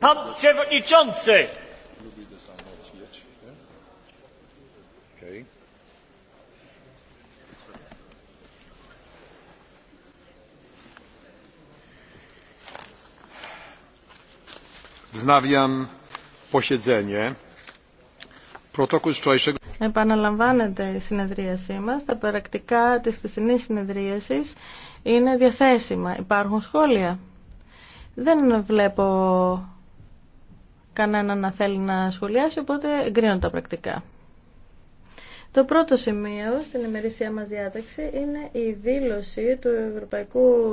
Pan Przewodniczący! Wznawiam posiedzenie. Επαναλαμβάνεται η συνεδρίασή μα. Τα πρακτικά τη χθεσινή συνεδρίαση είναι διαθέσιμα. Υπάρχουν σχόλια. Δεν βλέπω κανένα να θέλει να σχολιάσει, οπότε εγκρίνω τα πρακτικά. Το πρώτο σημείο στην ημερήσια μας διάταξη είναι η δήλωση του Ευρωπαϊκού